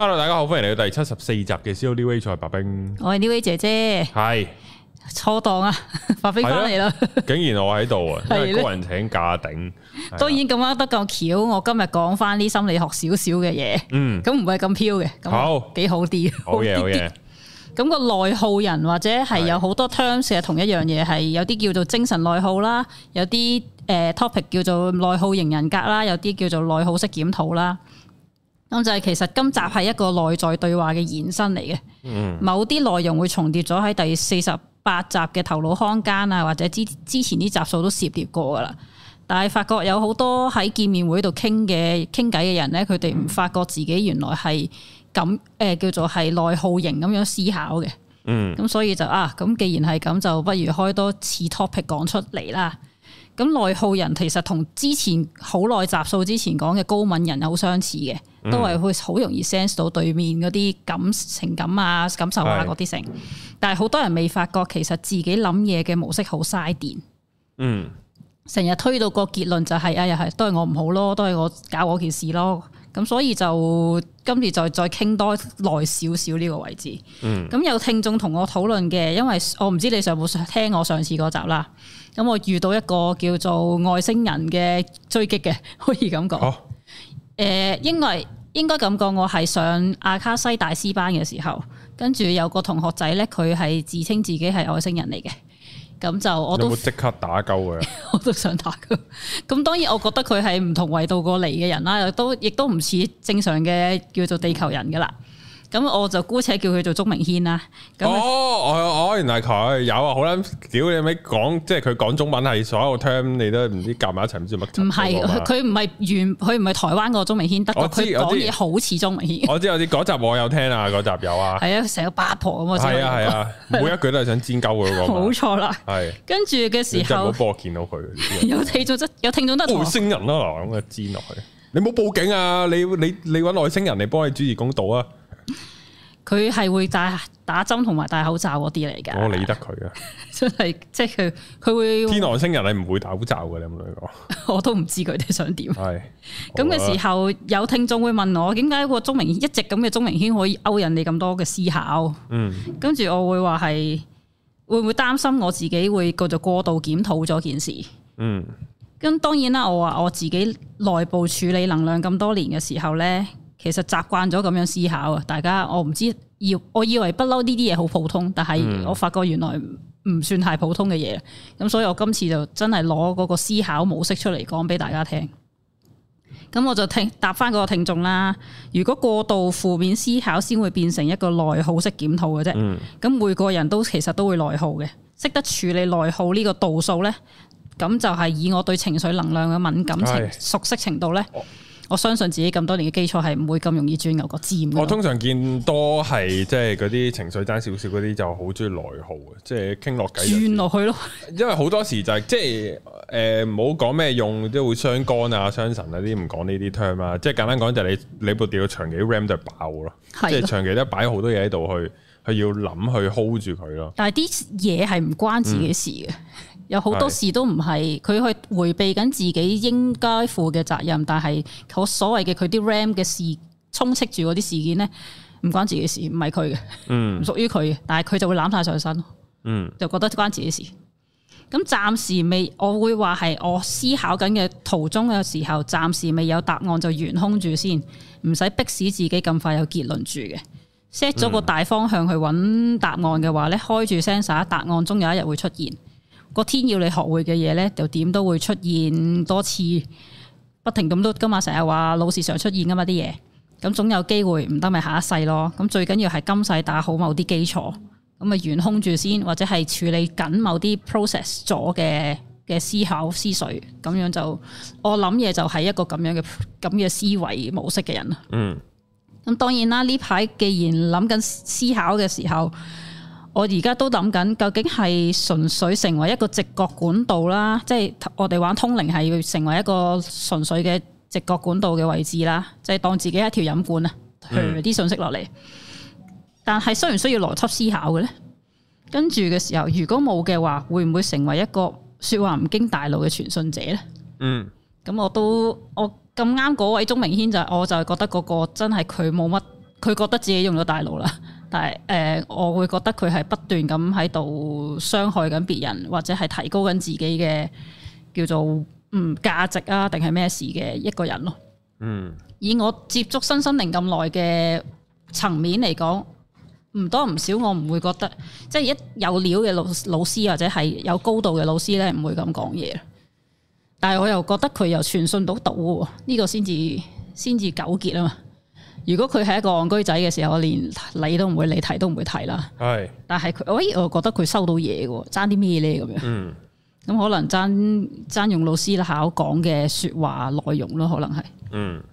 hello，大家好，歡迎嚟到第七十四集嘅《CEO New Age》。白兵，我係 New Age 姐姐，係錯檔啊，白兵翻嚟啦，竟然我喺度啊，係個人請假頂，當然咁啱得咁橋。我今日講翻啲心理學少少嘅嘢，嗯，咁唔係咁飄嘅，好幾好啲，好嘢好嘢。咁個內耗人或者係有好多 terms 係同一樣嘢，係有啲叫做精神內耗啦，有啲誒 topic 叫做內耗型人格啦，有啲叫做內耗式檢討啦。咁就係其實今集係一個內在對話嘅延伸嚟嘅，某啲內容會重疊咗喺第四十八集嘅頭腦空間啊，或者之之前啲集數都涉獵過噶啦。但係發覺有好多喺見面會度傾嘅傾偈嘅人咧，佢哋唔發覺自己原來係咁誒叫做係內耗型咁樣思考嘅。咁所以就啊，咁既然係咁，就不如開多次 topic 講出嚟啦。咁內耗人其實同之前好耐集數之前講嘅高敏人好相似嘅，嗯、都係會好容易 sense 到對面嗰啲感情感啊感受啊嗰啲成，是但係好多人未發覺其實自己諗嘢嘅模式好嘥電，嗯，成日推到個結論就係、是、啊又係都係我唔好咯，都係我搞嗰件事咯。咁所以就今次就再傾多耐少少呢個位置。咁、嗯、有聽眾同我討論嘅，因為我唔知你上冇上聽我上次嗰集啦。咁我遇到一個叫做外星人嘅追擊嘅，可以咁講。誒、哦，因為、呃、應該咁講，我係上阿卡西大師班嘅時候，跟住有個同學仔咧，佢係自稱自己係外星人嚟嘅。咁就我都即刻打鳩佢， 我都想打佢。咁 當然我覺得佢係唔同維度過嚟嘅人啦，也都亦都唔似正常嘅叫做地球人㗎喇。咁我就姑且叫佢做鍾明軒啦。哦，我他、哦、原來佢有啊，好啦，屌你咪講，即係佢講中文係所有 term，你都唔知夾埋一齊，唔知乜、那個。唔係，佢唔係佢唔係台灣個鍾明軒，得佢知。講嘢好似鍾明軒。我知，有啲嗰集我有聽啊，嗰集有啊。係啊，成個八婆咁啊。係啊，係啊，每一句都係想煎鳩佢、那個。冇錯 啦。係是。跟住嘅時候。就冇幫我見到佢。有聽到真，有聽眾真。外星人啦、啊，咁嘅煎落去，你冇報警啊！你你你揾外星人嚟幫你主持公道啊！佢係會戴打針同埋戴口罩嗰啲嚟嘅。我理得佢啊！ 真係，即係佢，佢會天外星人，你唔會戴口罩嘅，你咁樣講， 我都唔知佢哋想點。係咁嘅時候，有聽眾會問我，點解個鍾明一直咁嘅鍾明軒可以勾引你咁多嘅思考？跟住、嗯、我會話係會唔會擔心我自己會叫過度檢討咗件事？嗯，咁當然啦，我話我自己內部處理能量咁多年嘅時候咧。其實習慣咗咁樣思考啊，大家我唔知，我我以為不嬲呢啲嘢好普通，但係我發覺原來唔算太普通嘅嘢。咁所以我今次就真係攞嗰個思考模式出嚟講俾大家聽。咁我就聽答翻嗰個聽眾啦。如果過度負面思考，先會變成一個內耗式檢討嘅啫。咁、嗯、每個人都其實都會內耗嘅，識得處理內耗呢個度數咧，咁就係以我對情緒能量嘅敏感性唉熟悉程度咧。我相信自己咁多年嘅基礎係唔會咁容易轉牛角尖。我通常見多係即係嗰啲情緒爭少少嗰啲就好中意內耗啊，即係傾落偈。轉落去咯，因為好多時就係即係唔好講咩用，都會傷肝啊，傷神啊啲唔講呢啲 term 啊，即係、就是、簡單講就係、是、你你部電腦長期 ram ball, 是的 就爆咯，即係長期都擺好多嘢喺度去，去要諗去 hold 住佢咯。但係啲嘢係唔關自己事嘅。嗯有好多事都唔係佢去迴避緊自己應該負嘅責任，但係我所謂嘅佢啲 RAM 嘅事充斥住嗰啲事件咧，唔關自己事，唔係佢嘅，唔、嗯、 屬於佢嘅。但係佢就會攬曬上身咯，嗯、就覺得關自己事。咁暫時未，我會話係我思考緊嘅途中嘅時候，暫時未有答案就懸空住先，唔使逼使自己咁快有結論住嘅 set 咗個大方向去揾答案嘅話咧，開住 sensor 答案中有一日會出現。個天要你學會嘅嘢咧，就點都會出現多次，不停咁都。今日成日話老是常出現噶嘛啲嘢，咁總有機會，唔得咪下一世咯。咁最緊要係今世打好某啲基礎，咁啊懸空住先，或者係處理緊某啲 process 咗嘅嘅思考思緒，咁樣就我諗嘢就係一個咁樣嘅咁嘅思維模式嘅人啦。嗯，咁當然啦，呢排既然諗緊思考嘅時候。我而家都諗緊，究竟係純粹成為一個直覺管道啦，即係我哋玩通靈係要成為一個純粹嘅直覺管道嘅位置啦，就係當自己一條飲管啊，去、呃、啲信息落嚟。但係需唔需要邏輯思考嘅咧？跟住嘅時候，如果冇嘅話，會唔會成為一個說話唔經大腦嘅傳信者咧？嗯，咁我都我咁啱嗰位鍾明軒就係，我就係覺得嗰個真係佢冇乜，佢覺得自己用咗大腦啦。但係誒、呃，我會覺得佢係不斷咁喺度傷害緊別人，或者係提高緊自己嘅叫做嗯，價值啊，定係咩事嘅一個人咯、啊。嗯，以我接觸新生靈咁耐嘅層面嚟講，唔多唔少，我唔會覺得即係一有料嘅老老師或者係有高度嘅老師咧，唔會咁講嘢。但係我又覺得佢又傳信到到喎，呢、這個先至先至糾結啊嘛～如果佢係一個戇居仔嘅時候，連理都唔會理，睇都唔會睇啦。係是，但係佢、哎，我咦，我覺得佢收到嘢嘅，爭啲咩咧咁樣？嗯，咁可能爭爭用老師考講嘅說話內容咯，可能係。嗯，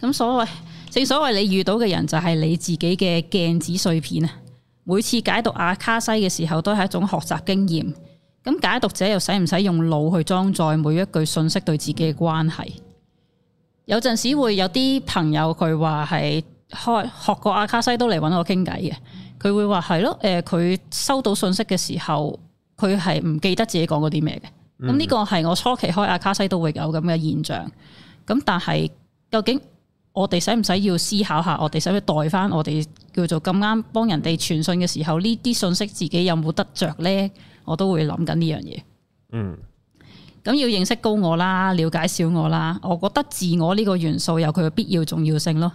咁所謂正所謂你遇到嘅人就係你自己嘅鏡子碎片啊！每次解讀阿卡西嘅時候，都係一種學習經驗。咁解讀者又使唔使用腦去裝載每一句信息對自己嘅關係？有陣時會有啲朋友佢話係開學過阿卡西都嚟搵我傾偈嘅，佢會話係咯，誒、呃、佢收到信息嘅時候，佢係唔記得自己講過啲咩嘅。咁呢個係我初期開阿卡西都會有咁嘅現象。咁但係究竟我哋使唔使要思考下，我哋使唔使代翻我哋叫做咁啱幫人哋傳信嘅時候，呢啲信息自己有冇得着呢？我都會諗緊呢樣嘢。嗯。咁要認識高我啦，了解小我啦。我覺得自我呢個元素有佢嘅必要重要性咯。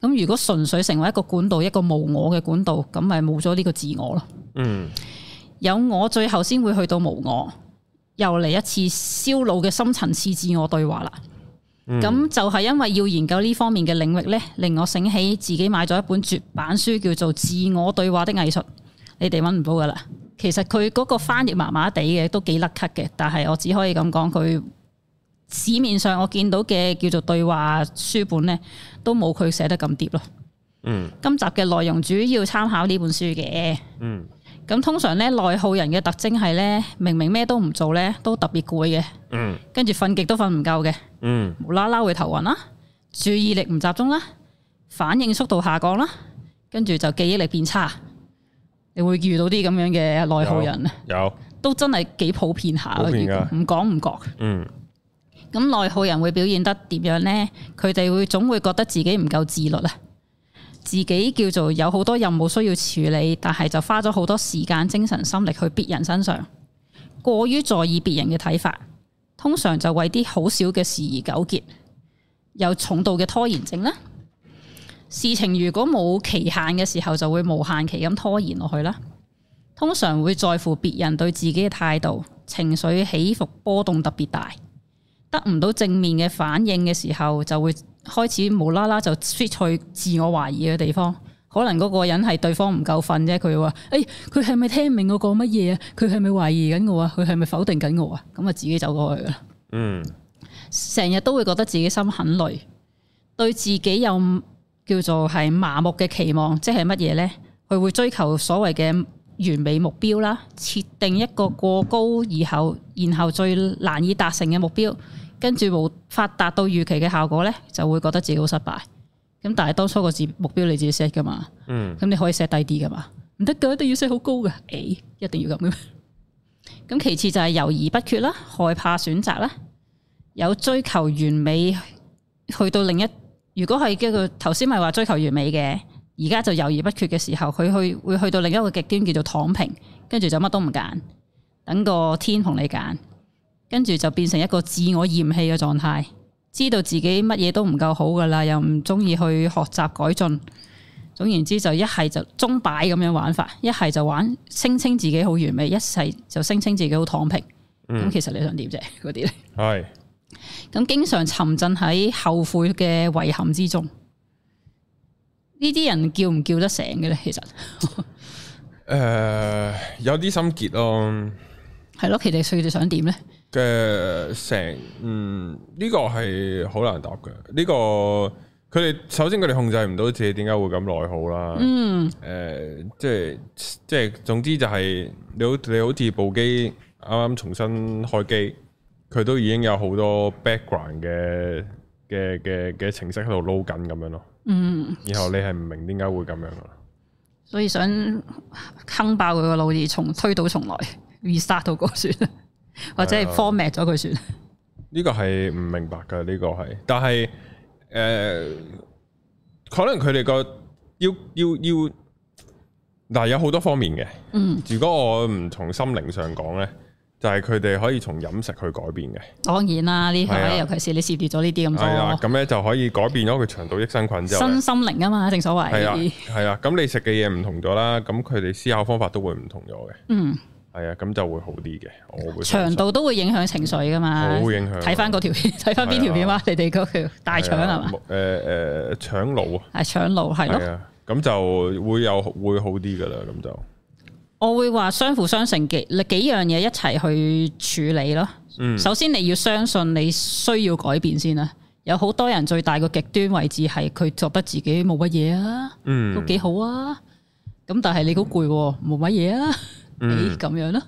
咁如果純粹成為一個管道，一個無我嘅管道，咁咪冇咗呢個自我咯。嗯，有我最後先會去到無我，又嚟一次燒腦嘅深層次自我對話啦。咁、嗯、就係因為要研究呢方面嘅領域咧，令我醒起自己買咗一本絕版書，叫做《自我對話的藝術》，你哋揾唔到噶啦。其實佢嗰個翻譯麻麻地嘅，都幾甩咳嘅。但係我只可以咁講，佢市面上我見到嘅叫做對話書本咧，都冇佢寫得咁掂咯。嗯。今集嘅內容主要參考呢本書嘅。嗯。咁通常咧，內耗人嘅特徵係咧，明明咩都唔做咧，都特別攰嘅。嗯。跟住瞓極都瞓唔夠嘅。嗯。無啦啦會頭暈啦，注意力唔集中啦，反應速度下降啦，跟住就記憶力變差。你會遇到啲咁樣嘅內耗人有，有都真係幾普遍下，唔講唔覺。嗯，咁內耗人會表現得點樣呢？佢哋會總會覺得自己唔夠自律啊，自己叫做有好多任務需要處理，但係就花咗好多時間、精神心力去別人身上，過於在意別人嘅睇法，通常就為啲好少嘅事而糾結，有重度嘅拖延症咧。事情如果冇期限嘅時候，就會無限期咁拖延落去啦。通常會在乎別人對自己嘅態度，情緒起伏波動特別大，得唔到正面嘅反應嘅時候，就會開始無啦啦就 switch 去自我懷疑嘅地方。可能嗰個人係對方唔夠瞓啫，佢話：，誒、哎，佢係咪聽唔明我講乜嘢啊？佢係咪懷疑緊我啊？佢係咪否定緊我啊？咁啊，自己走過去啦。嗯，成日都會覺得自己心很累，對自己又。叫做係麻木嘅期望，即係乜嘢咧？佢會追求所謂嘅完美目標啦，設定一個過高以後，然後最難以達成嘅目標，跟住無法達到預期嘅效果咧，就會覺得自己好失敗。咁但係當初個字目標你自己 set 噶嘛，咁、嗯、你可以 set 低啲噶嘛，唔得噶一定要 set 好高嘅，誒一定要咁樣。咁、哎、其次就係猶豫不決啦，害怕選擇啦，有追求完美去到另一。如果係叫佢頭先咪話追求完美嘅，而家就猶豫不決嘅時候，佢去會去到另一個極端叫做躺平，跟住就乜都唔揀，等個天同你揀，跟住就變成一個自我嫌棄嘅狀態，知道自己乜嘢都唔夠好噶啦，又唔中意去學習改進，總言之就一係就鍾擺咁樣玩法，一係就玩聲稱自己好完美，一係就聲稱自己好躺平，咁、嗯、其實你想點啫？嗰啲咧，係。咁經常沉浸喺後悔嘅遺憾之中，呢啲人叫唔叫得醒嘅咧、 呃啊？其實，誒、呃，有啲心結咯，係咯，其實佢哋想點咧？嘅成，嗯，呢、這個係好難答嘅。呢、這個佢哋首先佢哋控制唔到自己，點解會咁內耗啦？嗯，誒、呃，即係即係，總之就係、是、你好你好，你好似部機啱啱重新開機。佢都已經有好多 background 嘅嘅嘅嘅程式喺度撈緊咁樣咯，嗯，然後你係唔明點解會咁樣啊？所以想坑爆佢個腦而重推倒重來，reset 到嗰算，或者係 format 咗佢算。呢、呃呢個係唔明白嘅，呢、呢個係，但係誒、呃，可能佢哋個要要要，但係有好多方面嘅，嗯，如果我唔從心靈上講咧。但係佢哋可以從飲食去改變嘅，當然啦、啊，呢個、啊、尤其是你攝入咗呢啲咁多，咁咧、啊、以就可以改變咗佢腸道益生菌之後。之身心靈啊嘛，正所謂係啊，係啊，咁你食嘅嘢唔同咗啦，咁佢哋思考方法都會唔同咗嘅。嗯，係啊，咁就會好啲嘅。我會腸道都會影響情緒噶嘛，好、嗯、影響。睇翻嗰條片，睇翻邊條片話？你哋嗰條大腸係嘛？誒誒，腸腦啊！係腸腦，係、呃、咯，咁、啊、就會有會好啲噶啦，咁就。我會話相輔相成嘅，你幾樣嘢一齊去處理咯。嗯、首先你要相信你需要改變先啦。有好多人最大個極端位置係佢覺得自己冇乜嘢啊，嗯、都幾好啊。咁但係你好攰，冇乜嘢啊，咁樣咯、啊。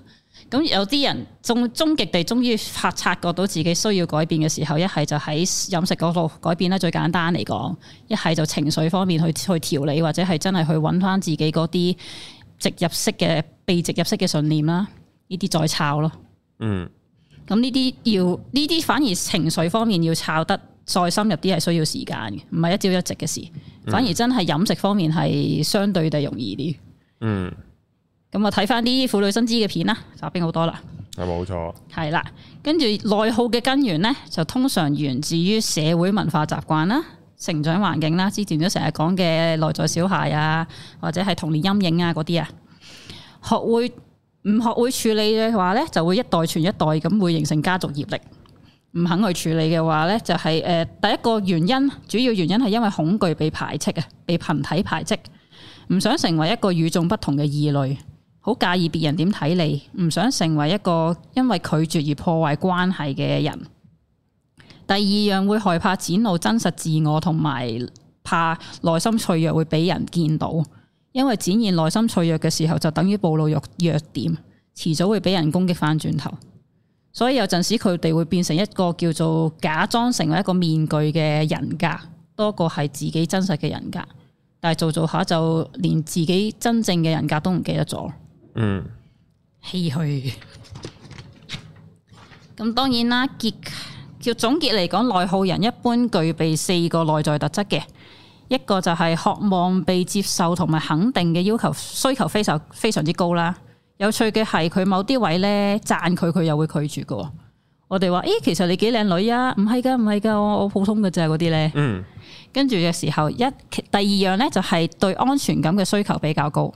咁有啲人終終極地終於察察覺到自己需要改變嘅時候，一係就喺飲食嗰度改變啦，最簡單嚟講，一係就情緒方面去去調理，或者係真係去揾翻自己嗰啲。直入式嘅被直入式嘅信念啦，呢啲再炒咯。嗯，咁呢啲要呢啲反而情緒方面要炒得再深入啲，係需要時間嘅，唔係一朝一夕嘅事。嗯、反而真係飲食方面係相對地容易啲。嗯，咁我睇翻啲婦女生知嘅片啦，就變好多啦，係冇錯。係啦，跟住內耗嘅根源咧，就通常源自於社會文化習慣啦。成長環境啦，之前都成日講嘅內在小孩啊，或者係童年陰影啊嗰啲啊，學會唔學會處理嘅話咧，就會一代傳一代咁會形成家族業力。唔肯去處理嘅話咧，就係誒第一個原因，主要原因係因為恐懼被排斥啊，被羣體排斥，唔想成為一個與眾不同嘅異類，好介意別人點睇你，唔想成為一個因為拒絕而破壞關係嘅人。第二樣會害怕展露真實自我，同埋怕內心脆弱會俾人見到，因為展現內心脆弱嘅時候就等於暴露弱弱點，遲早會俾人攻擊翻轉頭。所以有陣時佢哋會變成一個叫做假裝成為一個面具嘅人格，多過係自己真實嘅人格。但係做做下就連自己真正嘅人格都唔記得咗。嗯，唏嘘。咁當然啦，結。叫總結嚟講，內耗人一般具備四個內在特質嘅，一個就係渴望被接受同埋肯定嘅要求，需求非常非常之高啦。有趣嘅係佢某啲位咧讚佢，佢又會拒絕㗎。我哋話，誒，其實你幾靚女啊？唔係㗎，唔係㗎，我普通嘅啫。嗰啲咧，嗯，跟住嘅時候一第二樣咧就係對安全感嘅需求比較高。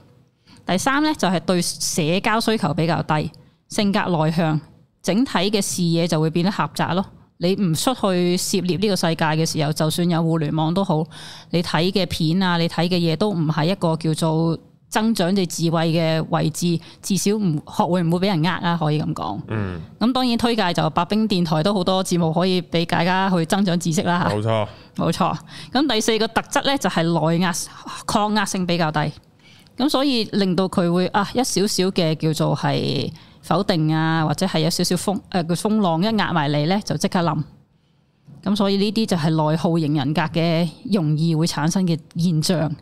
第三咧就係對社交需求比較低，性格內向，整體嘅視野就會變得狹窄咯。你唔出去涉獵呢個世界嘅時候，就算有互聯網都好，你睇嘅片啊，你睇嘅嘢都唔係一個叫做增長你智慧嘅位置，至少唔學會唔會俾人呃啊，可以咁講。嗯。咁當然推介就白兵電台都好多節目可以俾大家去增長知識啦。冇錯，冇錯。咁第四個特質咧就係耐壓、抗壓性比較低，咁所以令到佢會啊一少少嘅叫做係。否定啊，或者係有少少風誒，個、呃、風浪一壓埋嚟咧，就即刻冧。咁所以呢啲就係內耗型人格嘅容易會產生嘅現象。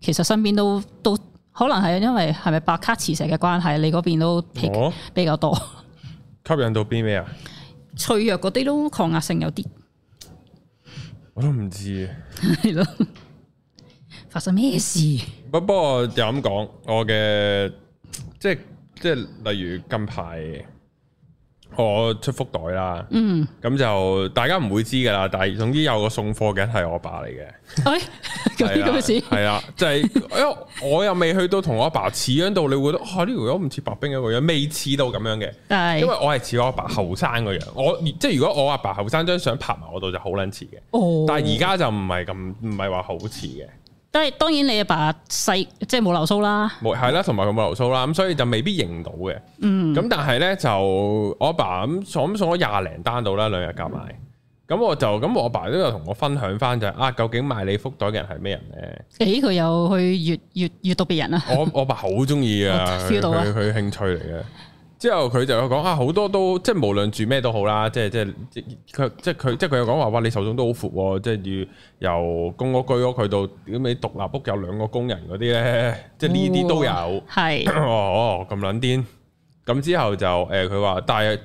其實身邊都都可能係因為係咪白卡磁石嘅關係，你嗰邊都比較多。哦、吸引到啲咩啊？ 脆弱嗰啲都抗壓性有啲 我都唔知。係咯。發生咩事？不不過就咁講，我嘅即係。即係例如近排我出福袋啦，咁、嗯、就大家唔會知噶啦。但係總之有個送貨嘅人係我爸嚟嘅，係咁啦，就係、是，我又未去到同我阿爸似樣度，到你會覺得 啊呢、呢個唔似白兵一個樣，未似到咁樣嘅。但是因為我係似我阿爸後生嗰樣，我即係如果我阿爸後生張相拍埋我度就好撚似嘅。哦、但係而家就唔係咁，唔係話好似嘅。但係當然你阿爸細，即係冇留鬚啦，冇係啦，同埋佢冇留鬚啦，咁所以就未必認到嘅、嗯。嗯，咁但係咧就我阿爸咁送咗送咗廿零單到啦，兩日夾埋，咁、嗯、我就咁我阿爸都有同我分享翻就係啊，究竟買你福袋嘅人係咩人咧？誒，佢有去閱閱閱讀別人爸爸啊？ 我我阿爸好中意啊，佢佢興趣嚟嘅。之後佢就講啊，好多都即係無論住咩都好啦，即係即係佢即係佢即係佢又講話哇，你手中都好闊，即係如由公屋居屋去到你獨立屋有兩個工人嗰啲咧，即係呢啲都有，係哦咁卵癲。咁之後就誒，佢話但係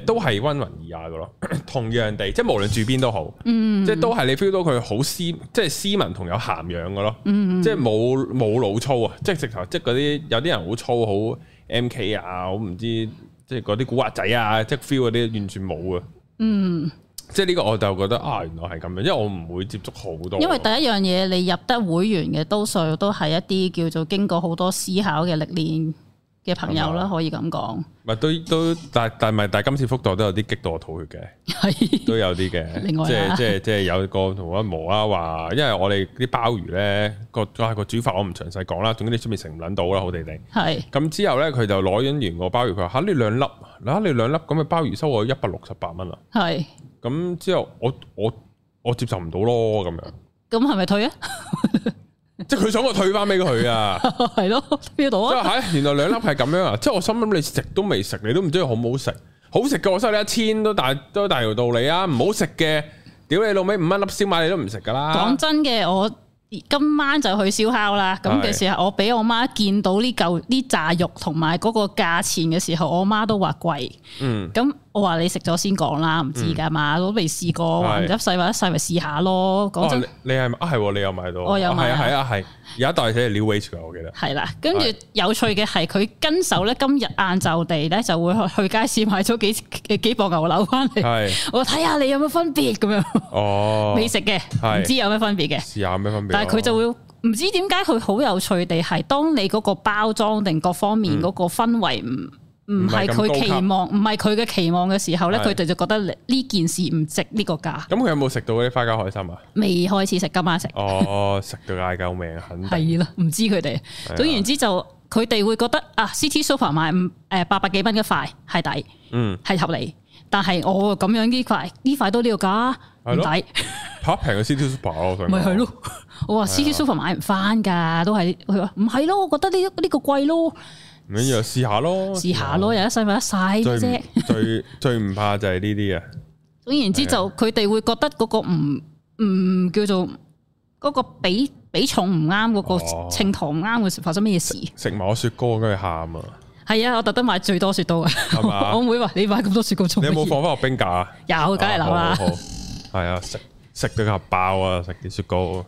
誒都係溫文爾雅嘅咯，同樣地即係無論住邊都好，即係都係你 feel 到佢好斯，即係斯文同有涵養嘅咯，即係冇冇老粗啊，即係直頭即係嗰啲有啲人好粗好。MK 啊，我唔知即係嗰啲古惑仔啊，mm. 即係 feel 嗰啲完全冇啊。嗯，即係呢個我就覺得啊，原來係咁樣，因為我唔會接觸好多。因為第一樣嘢你入得會員嘅，多數都係一啲叫做經過好多思考嘅歷練，嘅朋友啦，可以咁講，唔係都都，但但唔係，但今次福袋都有啲激到我吐血嘅，都有啲嘅，即即即有個同阿毛啊，話因為我哋啲鮑魚咧個啊個煮法，我唔詳細講啦，總之啲出面食唔撚到啦，好地地。係咁之後咧，佢就攞緊完個鮑魚，佢話嚇你兩粒，嗱你兩粒咁嘅鮑魚收我一百六十八蚊啊，係咁之後我我我接受唔到咯，咁樣咁係咪退啊？即係佢想我退翻俾佢啊，係咯， 邊度啊？即係，原來兩粒係咁樣啊！即係 我心諗，你食都未食，你都唔知好唔好食。好食嘅我收你一千都大都大條道理啊！唔好食嘅，屌你老味，五蚊粒燒賣你都唔食噶啦！講真嘅，我今晚就去燒烤啦。咁嘅時候，我俾我媽見到呢嚿呢炸肉同埋嗰個價錢嘅時候，我媽都話貴。嗯，咁。我話你食咗先講啦，唔知噶嘛，我都未試過，一世話一世咪試下咯。講真，你係啊係，你又買到，我有買，係啊係，有一袋嘅 New Age 啊，我記得係啦。跟住有趣嘅係佢跟手咧，今日晏晝地咧就會去去街市買咗幾誒幾磅牛柳翻嚟，我睇下你有冇分別咁樣。哦，未食嘅，唔知有咩分別嘅，試下咩分別。但係佢就會唔知點解佢好有趣地係，當你嗰個包裝定各方面嗰個氛圍唔。唔係佢期望，唔係佢嘅期望嘅時候咧，佢哋就覺得呢件事唔值呢個價。咁佢有冇食到嗰啲花膠海參啊？未開始食，今晚食。哦，食到嗌救命，肯定。係咯，唔知佢哋。總言之，就佢哋會覺得啊，City Super 買五誒八百幾蚊一塊係抵，嗯係合理。但係我咁樣呢塊呢塊都呢個價唔抵，平嘅 City Super 咪係咯。我話 City Super 買唔翻㗎，都係佢話唔係咯？我覺得呢呢個貴咯。咁又試下咯，試下咯，又一世咪一曬啫。最最唔怕就係呢啲啊。總言之，就佢哋會覺得嗰個唔唔叫做嗰個比比重唔啱，嗰個秤砣唔啱嗰時發生咩事？食埋個雪糕跟住喊啊！係啊，我特登買最多雪糕啊！我妹話：你買咁多雪糕做你有冇放翻落冰架？有，梗係有啦。係啊，食食到佢爆啊！食啲雪糕。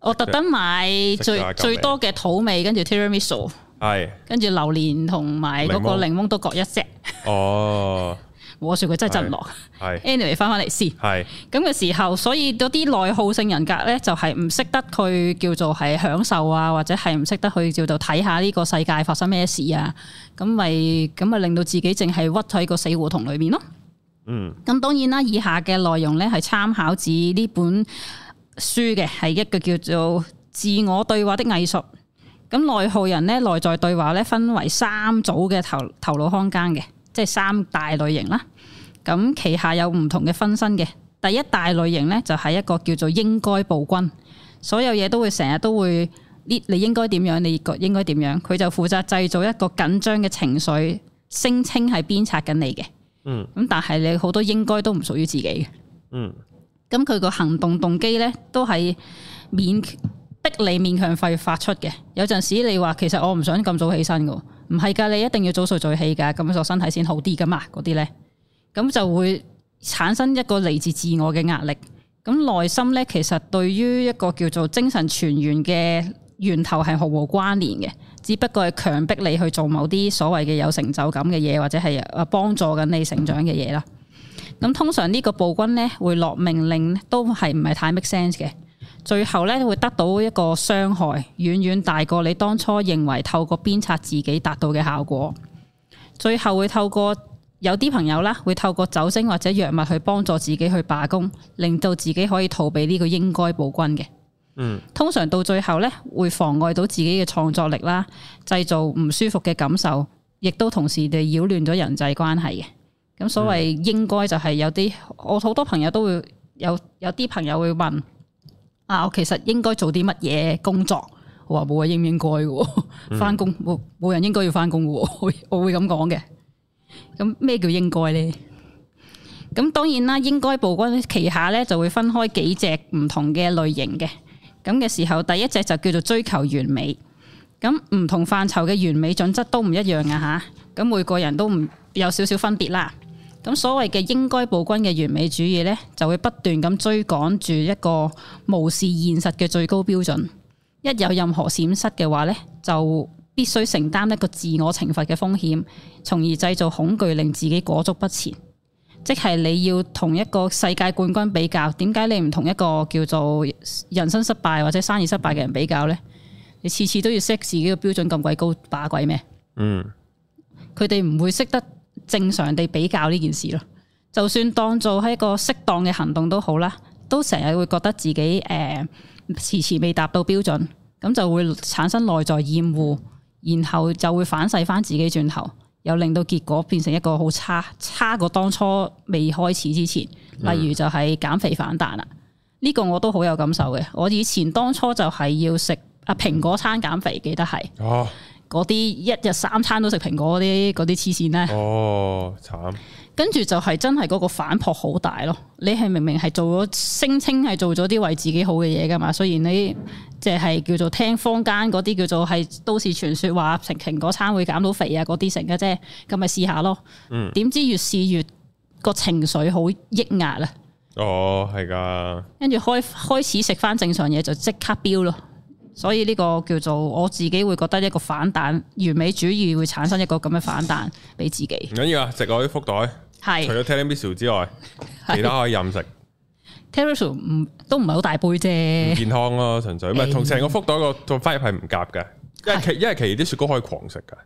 我特登買最最多嘅土味，跟住 Tiramisu。係，跟住榴蓮同埋嗰個檸檬都各一隻。哦， 我說佢真係執落。Annie 翻翻嚟試。係、anyway，咁嘅是時候，所以嗰啲內耗性人格咧，就係唔識得佢叫做係享受啊，或者係唔識得去照做睇下呢個世界發生咩事啊。咁咪咁啊，令到自己淨係屈喺個死胡同裏面咯。嗯。咁當然啦，以下嘅內容咧係參考自呢本書嘅，係一個叫做自我對話的藝術。咁內耗人咧，內在對話咧，分為三組嘅頭頭腦空間嘅，即係三大類型啦。咁旗下有唔同嘅分身嘅。第一大類型咧，就係一個叫做應該暴君，所有嘢都會成日都會，你你應該點樣，你個應該點樣，佢就負責製造一個緊張嘅情緒，聲稱係鞭策緊你嘅。嗯。咁但係你好多應該都唔屬於自己嘅。嗯。咁佢個行動動機咧，都係勉強。逼你勉強費發出嘅。有陣時你話，其實我唔想咁早起身嘅，唔係噶，你一定要早睡早起噶，咁就身體先好啲噶嘛。嗰啲咧，咁就會產生一個嚟自自我嘅壓力。咁內心咧，其實對於一個叫做精神泉源嘅源頭係毫無關聯嘅，只不過係強迫你去做某啲所謂嘅有成就感嘅嘢，或者係啊幫助緊你成長嘅嘢啦。咁通常呢個暴君咧，會落命令，都係唔係太 make sense 嘅。最後咧會得到一個傷害，遠遠大過你當初認為透過鞭策自己達到嘅效果。最後會透過有啲朋友啦，會透過酒精或者藥物去幫助自己去罷工，令到自己可以逃避呢個應該暴君嘅。嗯，通常到最後咧會妨礙到自己嘅創作力啦，製造唔舒服嘅感受，亦都同時地擾亂咗人際關係嘅。咁所謂應該就係有啲，我好多朋友都會有，有啲朋友會問。啊！我其實應該做啲乜嘢工作？我話冇啊，應唔應該㗎？返工冇人應該要返工嘅？我會我會咁講嘅。咁咩叫應該咧？咁當然啦，應該暴君旗下咧就會分開幾隻唔同嘅類型嘅。咁嘅時候，第一隻就叫做追求完美。咁唔同範疇嘅完美準則都唔一樣嘅吓。咁每個人都唔有少少分別啦。咁所謂嘅應該暴君嘅完美主義呢，就會不斷咁追趕住一個無視現實嘅最高標準。一有任何閃失嘅話呢，就必須承擔一個自我懲罰嘅風險，從而製造恐懼，令自己裹足不前。即係你要同一個世界冠軍比較，點解你唔同一個叫做人生失敗或者生意失敗嘅人比較呢？你次次都要識自己嘅標準咁鬼高把鬼咩？嗯，佢哋唔會識得。正常地比較呢件事咯，就算當做係一個適當嘅行動都好啦，都成日會覺得自己誒遲遲未達到標準，咁就會產生內在厭惡，然後就會反噬翻自己轉頭，又令到結果變成一個好差，差過當初未開始之前。例如就係減肥反彈啦，呢、嗯、個我都好有感受嘅。我以前當初就係要食啊蘋果餐減肥，記得係。哦。嗰啲一日三餐都食蘋果啲啲黐線咧，啊、哦，慘！跟住就係真係嗰個反撲好大咯。你係明明係做咗聲稱係做咗啲為自己好嘅嘢噶嘛，雖然你即係叫做聽坊間嗰啲叫做係都市傳説話食蘋果餐會減到肥啊嗰啲成嘅啫，咁咪試下咯。嗯，點知越試越個情緒好抑壓啊！哦，係噶，跟住開開始食翻正常嘢就即刻飆咯。所以呢個叫做我自己會覺得一個反彈，完美主義會產生一個咁嘅反彈俾自己。唔緊要啊，食我啲福袋。係是，除咗 Tiramisu 之外，是其他可以任食。Tiramisu 唔都唔係好大杯啫，唔健康咯、啊，純粹唔係同成個福袋個度分入係唔夾嘅，因為其，因為其餘啲雪糕可以狂食嘅。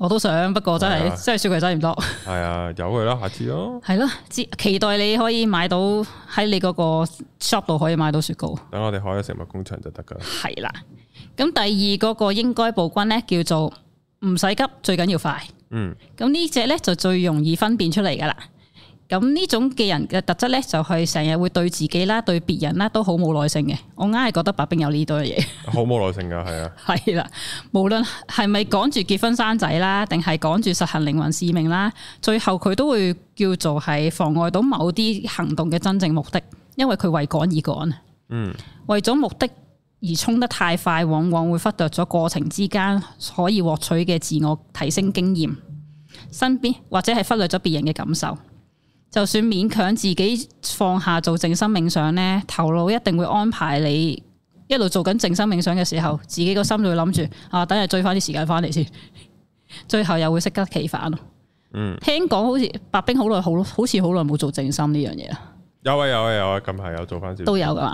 我都想，不過真係、啊、真係雪櫃真係唔多。係啊，有佢啦，下次咯。係咯、啊，期待你可以買到喺你嗰個 shop 度可以買到雪糕。等我哋開咗食物工場就得噶。係啦、啊，咁第二嗰、那個應該暴君咧，叫做唔使急，最緊要快。嗯。咁呢隻咧就最容易分辨出嚟噶啦。咁呢種嘅人嘅特質咧，就係成日會對自己啦、對別人啦都好冇耐性嘅。我硬係覺得白兵有呢多嘢，好冇耐性噶，係啊，係啦。 無論係咪趕住結婚生仔啦，定係趕住實行靈魂使命啦，最後佢都會叫做係妨礙到某啲行動嘅真正目的，因為佢為趕而趕。嗯，為咗目的而衝得太快，往往會忽略咗過程之間可以獲取嘅自我提升經驗，身邊或者係忽略咗別人嘅感受。就算勉強自己放下做靜心冥想咧，頭腦一定會安排你一路做緊靜心冥想嘅時候，自己個心就會諗住啊，等係追翻啲時間翻嚟先，最後又會適得其反咯。嗯，聽講好似白兵好耐好，好似好耐冇做靜心呢樣嘢啦。有啊有啊有啊，近排有做翻少都有噶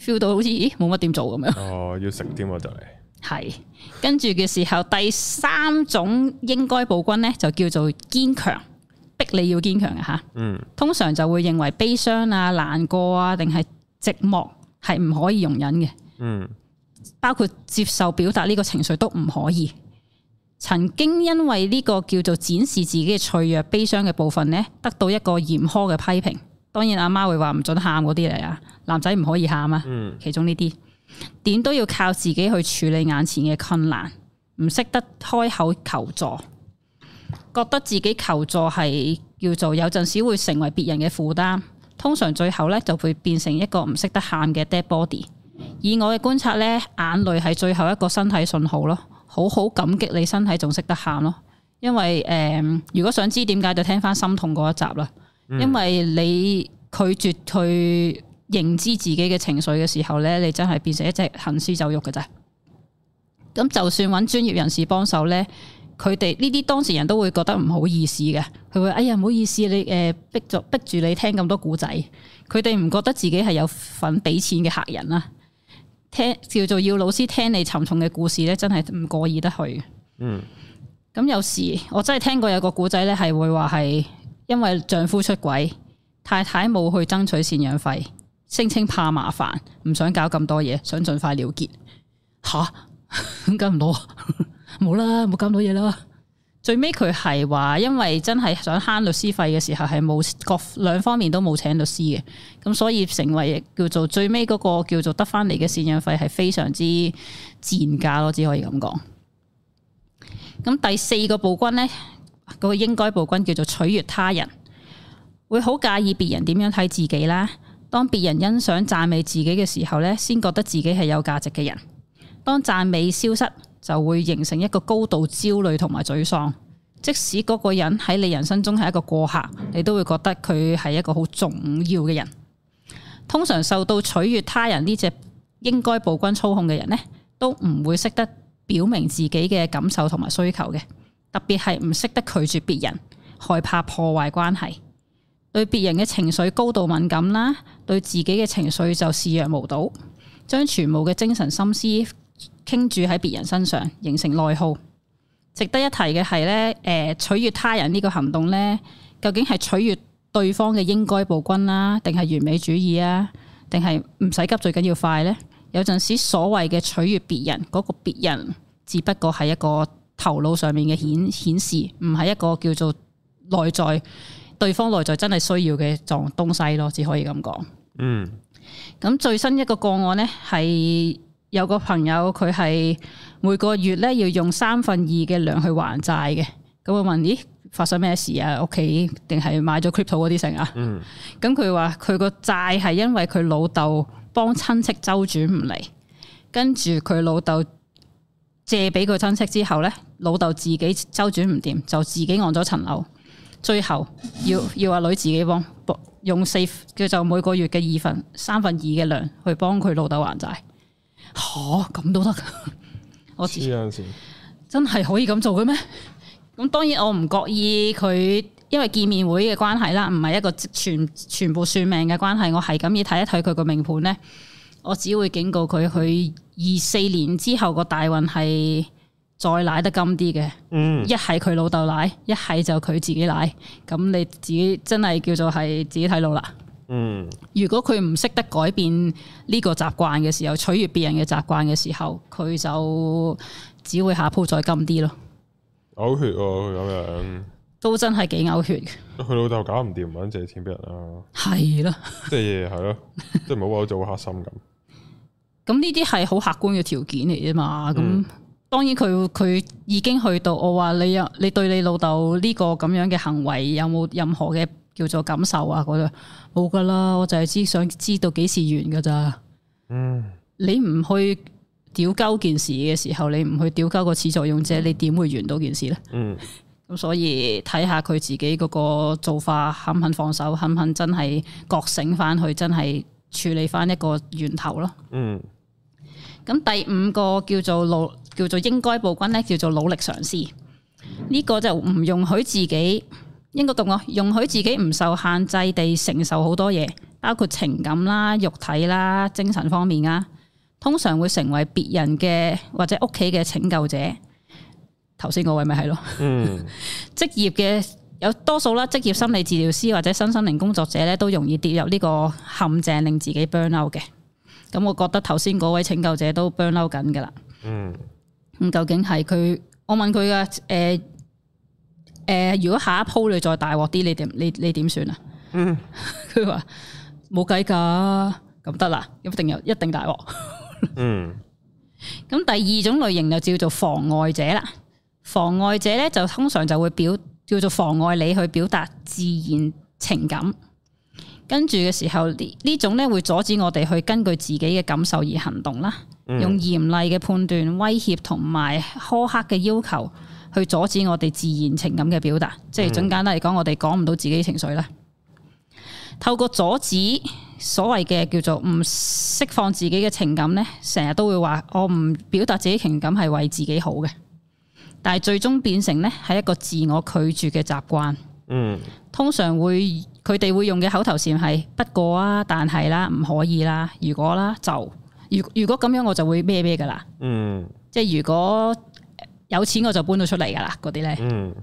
，feel 到好似咦冇乜點做咁樣。哦，要食啲我就嚟。係，跟住嘅時候第三種應該暴君咧，就叫做堅強。逼你要堅強嘅吓，啊嗯、通常就會認為悲傷啊、難過啊，定係寂寞係唔可以容忍嘅。嗯，包括接受、表達呢個情緒都唔可以。曾經因為呢個叫做展示自己嘅脆弱、悲傷嘅部分咧，得到一個嚴苛嘅批評。當然媽媽，阿媽會話唔准喊嗰啲嚟啊，男仔唔可以喊啊。嗯，其中呢啲點都要靠自己去處理眼前嘅困難，唔識得開口求助。覺得自己求助係叫做有陣時會成為別人嘅負擔，通常最後咧就會變成一個唔識得喊嘅 dead body。以我嘅觀察咧，眼淚係最後一個身體信號咯，好好感激你身體仲識得喊咯，因為誒、呃，如果想知點解，就聽翻心痛嗰一集啦。嗯、因為你拒絕去認知自己嘅情緒嘅時候咧，你真係變成一隻行屍走肉㗎咋！咁就算揾專業人士幫手咧，佢哋呢啲當事人都會覺得唔好意思嘅，佢會哎呀，唔好意思，你誒、呃、逼咗逼住你聽咁多古仔，佢哋唔覺得自己係有份俾錢嘅客人啦。聽叫做要老師聽你沉重嘅故事咧，真係唔過意得去。嗯，咁有時我真係聽過有個古仔咧，係會話係因為丈夫出軌，太太冇去爭取贍養費，聲稱怕麻煩，唔想搞咁多嘢，想盡快了結。吓？咁緊唔到啊？ 冇啦，冇搞到嘢啦。最尾佢係話，因為真係想慳律師費嘅時候，係冇各兩方面都冇請律師嘅，咁所以成為叫做最尾嗰個叫做得翻嚟嘅贍養費係非常之賤價咯，只可以咁講。咁第四個暴君呢，嗰、嗰個應該暴君叫做取悅他人，會好介意別人點樣睇自己啦。當別人欣賞讚美自己嘅時候呢，先覺得自己係有價值嘅人。當讚美消失。就會形成一個高度焦慮同埋沮喪，即使嗰個人喺你人生中係一個過客，你都會覺得佢係一個好重要嘅人。通常受到取悅他人呢隻應該暴君操控嘅人呢，都唔會識得表明自己嘅感受同埋需求嘅，特別係唔識得拒絕別人，害怕破壞關係，對別人嘅情緒高度敏感啦，對自己嘅情緒就視若無睹，將全部嘅精神心思，傾注喺別人身上，形成內耗。值得一提嘅係咧，誒、呃，取悅他人呢個行動咧，究竟係取悅對方嘅應該暴君啦、啊，定係完美主義啊，定係唔使急最緊要快呢？有陣時所謂嘅取悅別人，嗰、嗰個別人只不過係一個頭腦上面嘅顯顯示，唔係一個叫做內在對方內在真係需要嘅狀東西咯，只可以咁講。嗯，咁最新一個個案咧係。有個朋友佢係每個月咧要用三分二嘅糧去還債嘅，咁我問：咦，發生咩事啊？屋企定係買咗 crypto 嗰啲成啊？嗯，咁佢話：佢個債係因為佢老豆幫親戚周轉唔嚟，跟住佢老豆借俾佢親戚之後咧，老豆自己周轉唔掂，就自己按咗層樓，最後要要阿女自己幫幫用四叫做每個月嘅二分三分二嘅糧去幫佢老豆還債。吓咁都得？我知真係可以咁 己做嘅咩？咁當然我唔覺意佢，因為見面會嘅關係啦，唔係一個全全部算命嘅關係。我係咁要睇一睇佢個命盤咧，我只會警告佢，佢二四年之後個大運係再奶得金啲嘅。嗯，一係佢老豆奶，一係就佢自己奶。咁你自己真係叫做係自己睇路啦。嗯，如果佢唔識得改變呢個習慣嘅時候，取悦別人嘅習慣嘅時候，佢就只會下鋪再金啲咯。嘔血哦，咁樣都真係幾嘔、呃、血。佢、呃、老豆搞唔掂，搵借錢俾人啊，係咯啦，即係係咯，即係唔好話做黑心咁。咁呢啲係好客觀嘅條件嚟，啊嘛。咁、嗯、當然佢佢已經去到我，我話你有你對你老豆呢個咁樣嘅行為有冇任何嘅？叫做感受啊，嗰度冇噶啦，我就係知想知道幾時完噶咋？嗯，你唔去屌鳩件事嘅時候，你唔去屌鳩個始作俑者，你點會完到件事咧？嗯，咁所以睇下佢自己嗰個做法肯唔肯放手，肯唔肯真係覺醒翻去，真係處理翻一個源頭咯。嗯，咁第五個叫做努，叫做應該暴君咧，叫做努力嘗試，呢個就唔容許自己。應該講，我容許自己唔受限制地承受好多嘢，包括情感啦、肉體啦、精神方面啊，通常會成為別人嘅或者屋企嘅拯救者。頭先嗰位咪係咯？嗯，職 業嘅有多數啦，職業心理治療師或者新心靈工作者咧，都容易跌入呢個陷阱，令自己 burn out 嘅。咁我覺得頭先嗰位拯救者都 burn out 緊噶啦。嗯、咁、嗯、究竟係佢？我問佢噶，誒、呃。誒、呃，如果下一鋪你再大鑊啲，你點？你你點算啊？嗯，佢話冇計噶，咁得啦，一定有一定大鑊。 嗯，咁第二種類型就叫做妨礙者啦。妨礙者咧就通常就會表叫做妨礙你去表達自然情感，跟住嘅時候呢呢種咧會阻止我哋去根據自己嘅感受而行動啦。嗯、用嚴厲嘅判斷、威脅同埋苛刻嘅要求。去阻止我哋自然情感嘅表達，即係總簡單嚟講，我哋講唔到自己情緒咧。透過阻止所謂嘅叫做唔釋放自己嘅情感咧，成日都會話我唔表達自己情感係為自己好嘅，但係最終變成咧係一個自我拒絕嘅習慣。嗯，通常會佢哋會用嘅口頭禪係不過啊，但係啦、啊，唔可以啦、啊，如果啦、啊，就如如果咁樣，我就會咩咩噶啦。嗯，即係如果。有錢我就搬到出嚟噶啦，嗰啲咧。嗯。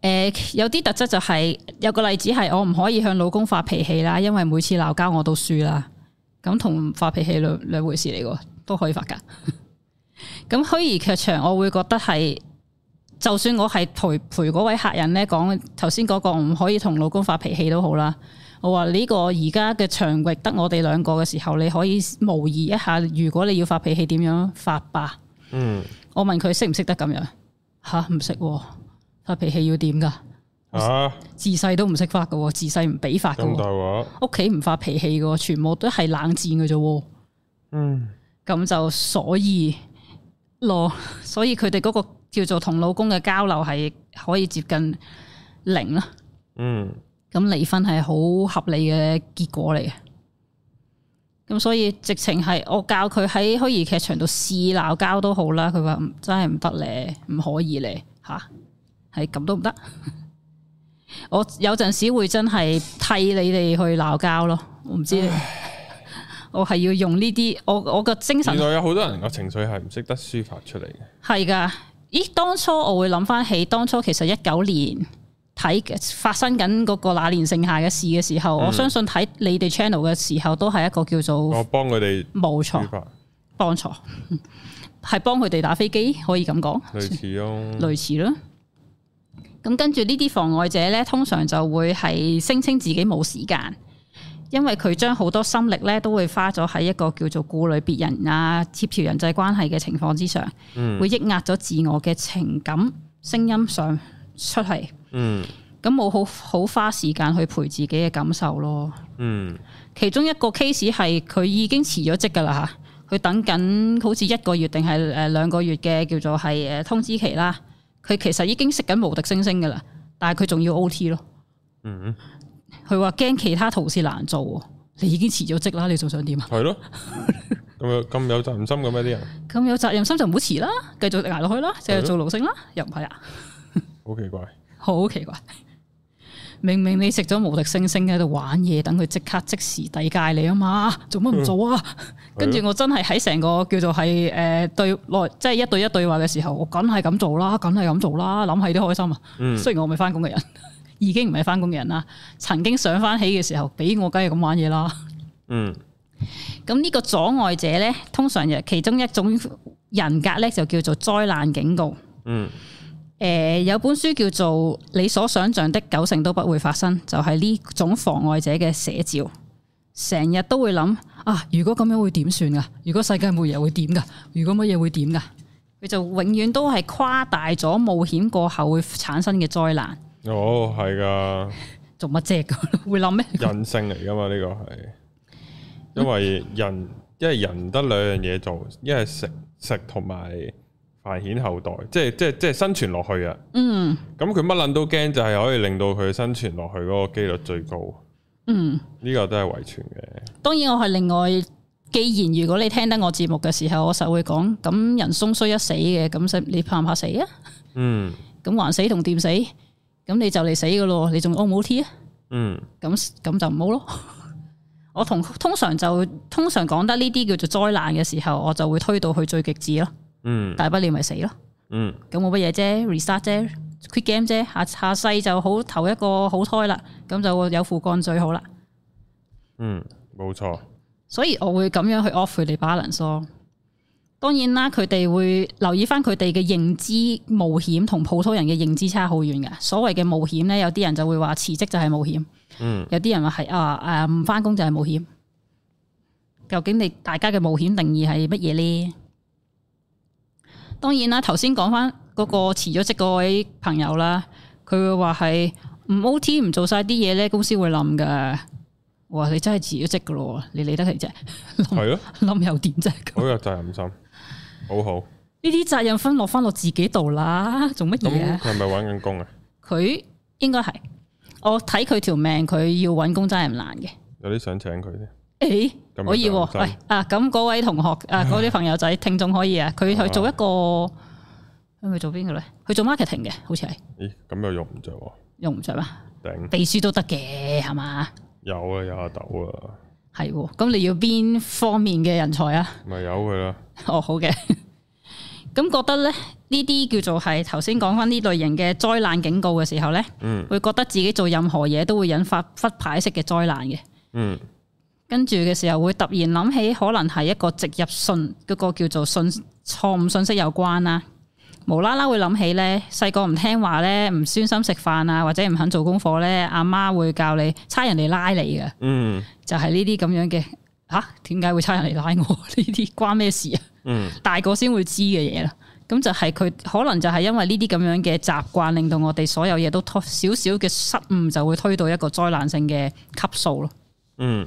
誒、呃，有啲特質就係、是、有個例子係我唔可以向老公發脾氣啦，因為每次鬧交我都輸啦。咁同發脾氣兩兩回事嚟噶，都可以發噶。咁虛擬劇場我會覺得係，就算我係陪陪嗰位客人咧講頭先嗰個唔可以同老公發脾氣都好啦。我話呢個而家嘅場域得我哋兩個嘅時候，你可以模擬一下，如果你要發脾氣點樣發吧。嗯。我問佢識唔識得咁樣吓？唔識發脾氣要點噶？吓？自細都唔識發噶，自細唔俾發噶。咁屋企唔發脾氣噶，全部都係冷戰噶啫。嗯，嗯，咁就所以咯，所以佢哋嗰個叫做同老公嘅交流係可以接近零啦。嗯，咁離婚係好合理嘅結果嚟嘅。咁所以直情係我教佢喺虛擬劇場度試鬧交都好啦。佢話真係唔得咧，唔可以咧吓，係咁都唔得。 我有陣時會真係替你哋去鬧交咯。我唔知唉我，我係要用呢啲我我個精神。現在有好多人個情緒係唔識得抒發出嚟嘅。係噶，咦？當初我會諗翻起當初其實一九年。睇發生緊嗰個那年盛夏嘅事嘅時候，嗯、我相信睇你哋 channel 嘅時候都係一個叫做我幫佢哋冇錯拍幫錯，係、嗯、幫佢哋打飛機可以咁講類似，哦、類似咯，類似咯。咁、嗯、跟住呢啲妨礙者咧，通常就會係聲稱自己冇時間，因為佢將好多心力咧都會花咗喺一個叫做顧慮別人啊、協調人際關係嘅情況之上，嗯，會抑壓咗自我嘅情感聲音上出嚟。嗯，咁冇好好花時間去陪自己嘅感受咯。嗯，其中一個 case 係佢已經辭咗職噶啦吓，佢等緊好似一個月定係誒兩個月嘅叫做係誒通知期啦。佢其實已經食緊無敵星星噶啦，但係佢仲要 OT 咯。嗯，佢話驚其他同事難做，你已經辭咗職啦，你仲想點啊？係咯的，咁有咁有責任心嘅咩啲人？咁有責任心就唔好辭啦，繼續捱落去啦，繼續做勞星啦，的又唔係啊？ 好奇怪。好奇怪！明明你食咗無敵星星喺度玩嘢，等佢即刻即時抵界你啊嘛？做乜唔做啊？跟住 是的 我真係喺成個叫做係誒、呃、對內即係一對一對話嘅時候，我梗係咁做啦，梗係咁做啦，諗起都開心啊！嗯、雖然我唔係翻工嘅人，已經唔係翻工嘅人啦，曾經上翻起嘅時候，俾我梗係咁玩嘢啦。嗯。咁呢個阻礙者咧，通常其中一種人格咧，就叫做災難警告。嗯。誒、呃，有本書叫做《你所想象的九成都不會發生》，就係、是、呢種妨礙者嘅寫照。成日都會諗啊，如果咁樣會點算噶？如果世界末日會點噶？如果乜嘢會點噶？佢就永遠都係誇大咗冒險過後會產生嘅災難。哦，係噶，做乜啫？會諗咩？人性嚟噶嘛？呢、這個係因為人，因為、嗯、人得兩樣嘢做，一係食食同埋。繁衍後代，即係即係即係生存落去啊！嗯，咁佢乜捻都驚，就係、是、可以令到佢生存落去嗰個幾率最高。嗯，呢個都係遺傳嘅。當然，我係另外，既然如果你聽得我節目嘅時候，我實會講，咁人終須一死嘅，咁你怕唔怕死啊？嗯，咁還死同掂死？咁你就嚟死噶咯，你仲安冇天啊？嗯，咁咁就唔好咯。我同通常就通常講得呢啲叫做災難嘅時候，我就會推到去最極致咯。嗯，大不了咪死咯。嗯，咁冇乜嘢啫，restart 啫，quit game 啫。下下世就好投一個好胎啦，咁就有副干最好啦。嗯，冇錯。所以我會咁樣去 off 佢哋 balance 咯，哦。當然啦，佢哋會留意翻佢哋嘅認知冒險同普通人嘅認知差好遠嘅。所謂嘅冒險咧，有啲人就會話辭職就係冒險。嗯。有啲人話係啊啊唔翻工就係冒險。究竟你大家嘅冒險定義係乜嘢咧？當然啦，頭先講翻嗰個辭咗職嗰位朋友啦，佢會話係唔 O T 唔做晒啲嘢咧，公司會冧噶。哇，你真係辭咗職噶咯？你理得佢啫？係咯，冧又點啫？好有責任心，好好。呢啲責任分落翻落自己度啦，做乜嘢？佢係咪揾緊工啊？佢、嗯啊、應該係，我睇佢條命，佢要揾工真係唔難嘅。有啲想請佢啫。誒，可以，喂，啊，咁嗰位同學，啊，嗰啲朋友仔，聽眾可以啊，佢去做一個，係咪做邊個咧？去做 marketing 嘅，好似係。咦，咁又用唔着？用唔着啊，頂。秘書都得嘅，係嘛？有啊，有阿豆啊。係，咁你要邊方面嘅人才啊？咪有佢啦。哦，好嘅。咁覺得咧，呢啲叫做係頭先講翻呢類型嘅災難警告嘅時候咧，嗯，會覺得自己做任何嘢都會引發骨牌式嘅災難嘅，嗯。跟住嘅時候會突然諗起，可能係一個植入信嗰個叫做信錯誤信息有關啦、啊。無啦啦會諗起咧，細個唔聽話咧，唔專心食飯啊，或者唔肯做功課咧，阿媽會教你差人嚟拉你嘅。嗯，就係呢啲咁樣嘅吓，點、啊、解會差人嚟拉我？呢啲關咩事啊？嗯，大個先會知嘅嘢啦。咁就係佢可能就係因為呢啲咁樣嘅習慣，令到我哋所有嘢都推少少嘅失誤，就會推到一個災難性嘅級數咯。嗯。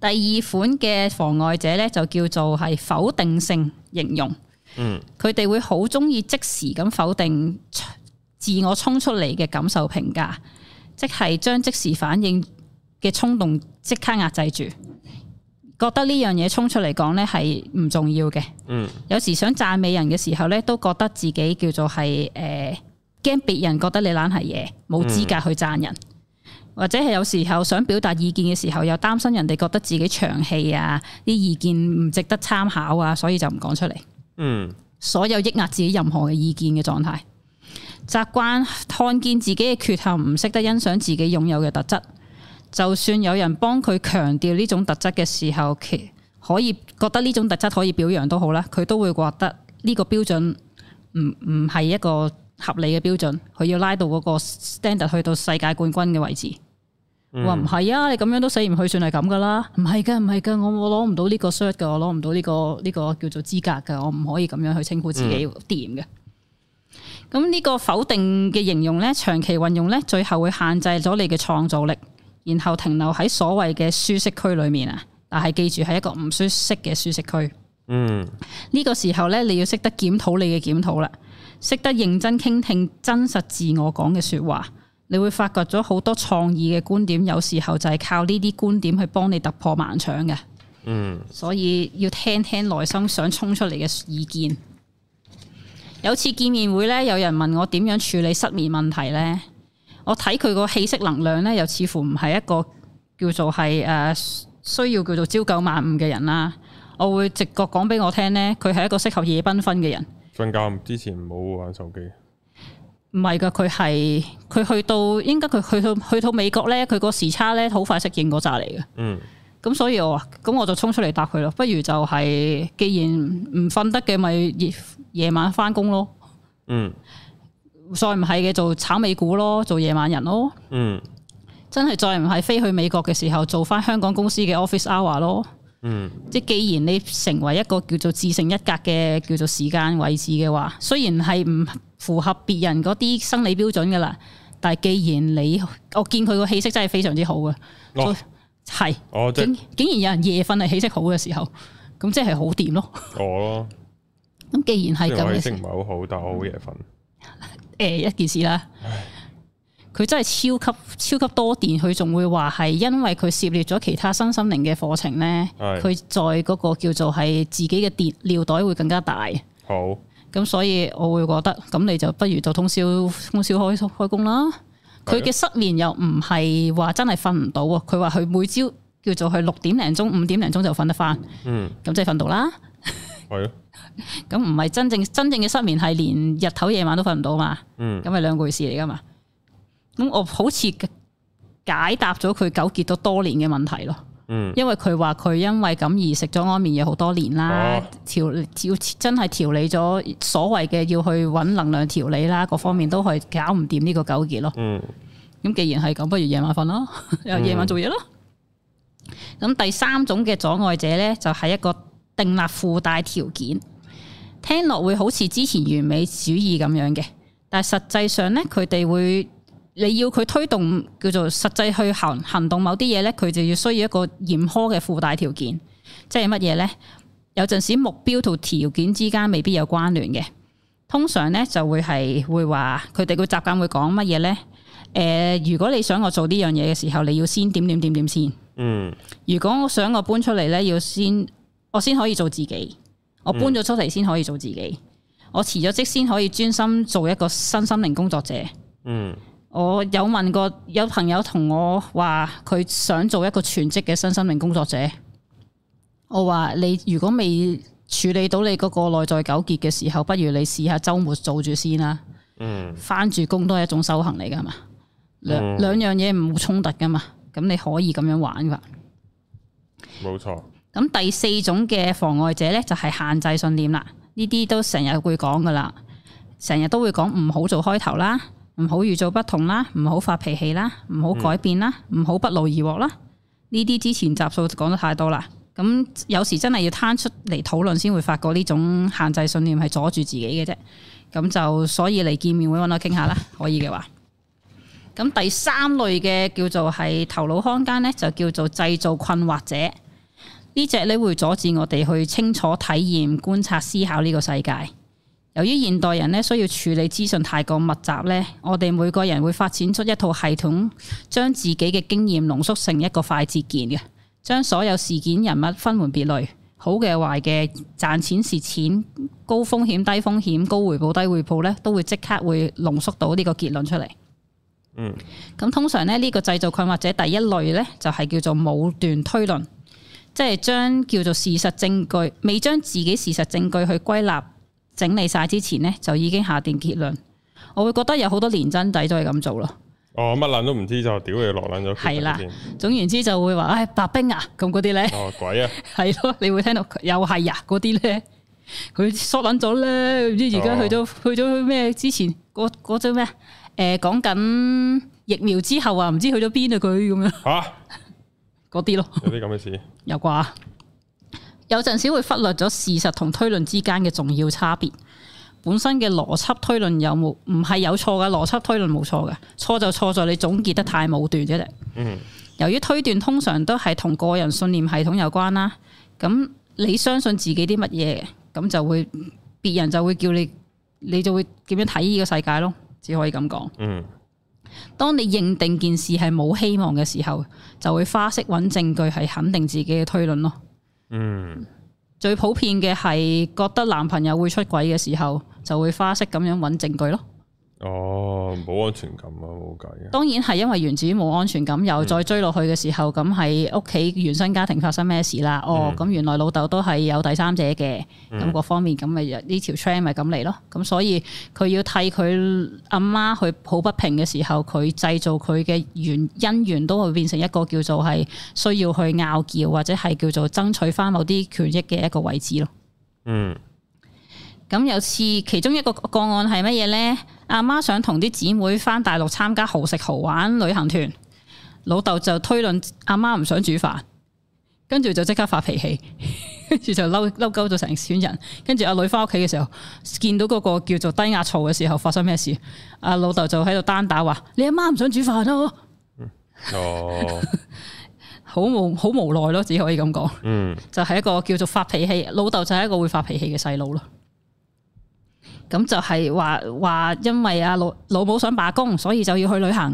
第二款嘅妨礙者咧，就叫做係否定性形容。嗯，佢哋會好中意即時咁否定自我衝出嚟嘅感受評價，即係將即時反應嘅衝動即刻壓制住，覺得呢樣嘢衝出嚟講咧係唔重要嘅。嗯，有時想讚美人嘅時候咧，都覺得自己叫做係誒，驚別人覺得你懶係嘢，冇資格去讚人。嗯或者係有時候想表達意見嘅時候，又擔心人哋覺得自己長氣啊，啲意見唔值得參考啊，所以就唔講出嚟。嗯，所有抑壓自己任何嘅意見嘅狀態，習慣看見自己嘅缺陷，唔識得欣賞自己擁有嘅特質。就算有人幫佢強調呢種特質嘅時候，可以覺得呢種特質可以表揚都好啦，佢都會覺得呢個標準唔唔係一個合理嘅標準。佢要拉到嗰個 standard 去到世界冠軍嘅位置。我話唔係啊，你咁樣都死唔去，算係咁噶啦。唔係噶，唔係噶，我我攞唔到呢個 shirt 噶，我攞唔到呢個呢個叫做資格噶，我唔可以咁樣去稱呼自己掂嘅。嗯。咁呢個否定嘅形容咧，長期運用咧，最後會限制咗你嘅創造力，然後停留喺所謂嘅舒適區裏面啊。但係記住係一個唔舒適嘅舒適區。嗯，呢個時候咧，你要識得檢討你嘅檢討啦，識得認真傾聽真實自我講嘅說話。你會發掘咗好多創意嘅觀點，有時候就係靠呢啲觀點去幫你突破萬障嘅。嗯，所以要聽聽內心想衝出嚟嘅意見。有次見面會咧，有人問我點樣處理失眠問題咧，我睇佢個氣息能量咧，又似乎唔係一個叫做係誒需要叫做朝九晚五嘅人啦。我會直覺講俾我聽咧，佢係一個適合夜繽紛嘅人。瞓覺之前唔好玩手機。唔係噶，佢係佢去到，應該佢去到去到美國咧，佢個時差咧好快適應嗰扎嚟嘅。嗯，咁所以我話，咁我就衝出嚟答佢咯。不如就係、是，既然唔瞓得嘅，咪夜夜晚翻工咯。嗯，再唔係嘅，做炒美股咯，做夜晚人咯。嗯，真係再唔係飛去美國嘅時候，做翻香港公司嘅 office hour 咯。嗯，即係既然你成為一個叫做自成一格嘅叫做時間位置嘅話，雖然係唔。符合別人嗰啲生理標準㗎喇，但係既然你，我見佢個氣息真係非常之好嘅，係，竟竟然有人夜瞓係氣息好嘅時候，咁即係好掂咯。我咯呢，咁既然係咁，氣色唔係好好，但係我好夜瞓。誒、嗯呃，一件事啦，佢唉真係超級超級多電，佢仲會話係因為佢涉獵咗其他新心靈嘅課程咧，佢的在嗰個叫做係自己嘅電尿袋會更加大。好。咁所以我會覺得，咁你就不如就通宵通宵開開工啦。佢嘅是的 失眠又唔係話真係瞓唔到喎，佢話佢每朝叫做佢六點零鐘、五點零鐘就瞓得返。嗯，咁即係瞓到啦。係咯。咁唔係真正真正嘅失眠係連日頭夜晚都瞓唔到嘛？嗯。咁係兩回事嚟㗎嘛？咁我好似解答咗佢糾結咗多年嘅問題咯。因為佢話佢因為咁而食咗安眠藥好多年啦，調、啊、真係調理咗所謂嘅要去搵能量調理啦，各方面都係搞唔掂呢個糾結咯。嗯，咁既然係咁，不如夜晚瞓咯，又 夜晚做嘢咯。咁、嗯、第三種嘅阻礙者呢，就係、是、一個定立附帶條件，聽落會好似之前完美主義咁樣嘅，但係實際上呢，佢哋會。你要佢推動叫做實際去行行動某啲嘢咧，佢就要需要一個嚴苛嘅附帶條件，即係乜嘢咧？有陣時目標同條件之間未必有關聯嘅。通常咧就會係會話佢哋會習慣會講乜嘢咧？誒、呃，如果你想我做呢樣嘢嘅時候，你要先點點點點先。嗯。如果我想我搬出嚟咧，要先我先可以做自己，我搬咗出嚟先可以做自己，嗯、我辭咗職先可以專心做一個新心靈工作者。嗯。我有問過有朋友同我話佢想做一個全職嘅新生命工作者，我話你如果未處理到你嗰個內在糾結嘅時候，不如你試下周末做住先啦。嗯，返住工都係一種修行嚟噶嘛，兩兩、嗯、樣嘢唔好衝突噶嘛，咁你可以咁樣玩噶。冇錯。咁第四種嘅妨礙者咧，就係限制信念啦。呢啲都成日會講噶啦，成日都會講唔好做開頭啦。唔好預造不同啦，唔好發脾氣啦，唔好改變啦，唔好不勞而獲啦。呢啲之前集數講得太多啦。咁有時真係要攤出嚟討論，先會發覺呢種限制信念係阻住自己嘅啫。咁就所以嚟見面會揾我傾下啦，可以嘅話。咁第三類嘅叫做係頭腦空間呢，就叫做製造困惑者。呢隻你會阻止我哋去清楚體驗、觀察、思考呢個世界。由於現代人咧需要處理資訊太過密集咧，我哋每個人會發展出一套系統，將自己嘅經驗濃縮成一個快捷鍵嘅，將所有事件人物分門別類，好嘅壞嘅，賺錢蝕錢，高風險低風險，高回報低回報咧，都會即刻會濃縮到呢個結論出嚟。嗯，咁通常咧呢個製造困惑者第一類咧，就係叫做武斷推論，即係將叫做事實證據未將自己事實證據去歸納。整理晒之前咧，就已經下定結論。我會覺得有好多年真底都係咁做咯。哦，乜捻都唔知就屌你落捻咗。係啦，總言之就會話唉、哎、白兵啊咁嗰啲咧。那那哦，鬼啊！係咯，你會聽到又係呀嗰啲咧，佢縮捻咗咧，唔知而家去咗、哦、去咗咩？之前嗰嗰張咩？誒，講、那、緊、個呃、疫苗之後啊，唔知去咗邊啊佢咁樣。吓，嗰啲咯。有啲咁嘅事。 有啩？有陣時會忽略咗事實同推論之間嘅重要差別，本身嘅邏輯推論有冇唔係有錯嘅？邏輯推論冇錯嘅，錯就錯在你總結得太武斷啫。嗯哼。由於推斷通常都係同個人信念系統有關啦，咁你相信自己啲乜嘢，咁就會別人就會叫你，你就會點樣睇呢個世界咯？只可以咁講。嗯哼。當你認定件事係冇希望嘅時候，就會花式揾證據係肯定自己嘅推論咯。嗯，最普遍嘅係覺得男朋友會出軌嘅時候，就會花式咁樣揾證據咯。哦，冇安全感啊，冇計、啊。當然係因為源自於冇安全感，又再追落去嘅時候，咁喺屋企原生家庭發生咩事啦？嗯、哦，咁原來老豆都係有第三者嘅，咁各、嗯、方面咁咪呢條 train 咪咁嚟咯。咁所以佢要替佢阿媽去抱不平嘅時候，佢製造佢嘅緣姻緣都會變成一個叫做係需要去拗撬或者係叫做爭取翻某啲權益嘅一個位置咯。嗯，咁有次其中一個個案係乜嘢咧？阿媽想同啲姊妹翻大陸參加豪食豪玩旅行團，老豆就推論阿媽唔想煮飯，跟住就即刻發脾氣，跟 住就嬲嬲鳩咗成村人。跟住阿女翻屋企嘅時候，見到嗰個叫做低壓槽嘅時候，發生咩事？阿老豆就喺度單打話：你阿媽唔想煮飯咯、啊。哦、oh. 好無好無奈咯，只可以咁講。嗯，就係、是、一個叫做發脾氣，老豆就係一個會發脾氣嘅細路。咯。咁就係話話因為阿老老母想罷工，所以就要去旅行。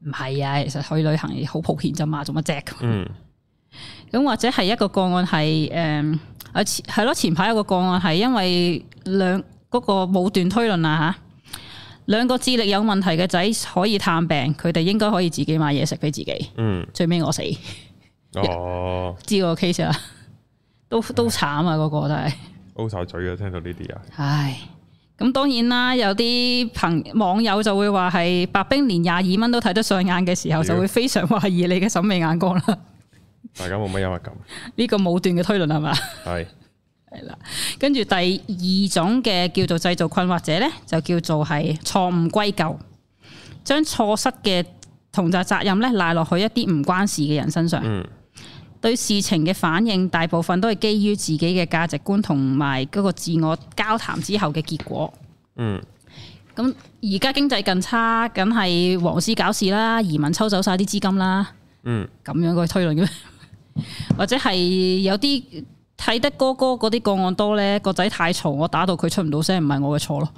唔係啊，其實去旅行好普遍咋嘛，做乜啫？嗯。咁或者係一個個案係誒，啊、嗯、前係咯前排有個個案係因為兩嗰、嗰個武斷推論啊吓，兩個智力有問題嘅仔可以探病，佢哋應該可以自己買嘢食俾自己。嗯。最尾我死。 哦。知個 case 慘啊？都都慘啊！嗰個都係。烏晒嘴啊！聽到呢啲啊。唉。咁當然啦，有啲朋網友就會話係白兵連廿二蚊都睇得上眼嘅時候，就會非常懷疑你嘅審美眼光啦。大家冇乜幽默感？呢 個武斷嘅推論係嘛？係跟住第二種嘅叫做製造困惑者呢，就叫做係錯誤歸咎，將錯失嘅同責責任呢，賴落去一啲唔關事嘅人身上。嗯對事情嘅反應，大部分都係基於自己嘅價值觀同埋嗰個自我交談之後嘅結果。嗯，咁而家經濟更差，梗係黃絲搞事啦，移民抽走晒啲資金啦。嗯，咁樣個推論嘅， 或者係有啲睇得哥哥嗰啲個案多呢，個仔太嘈，我打到佢出唔到聲，唔係我嘅錯咯。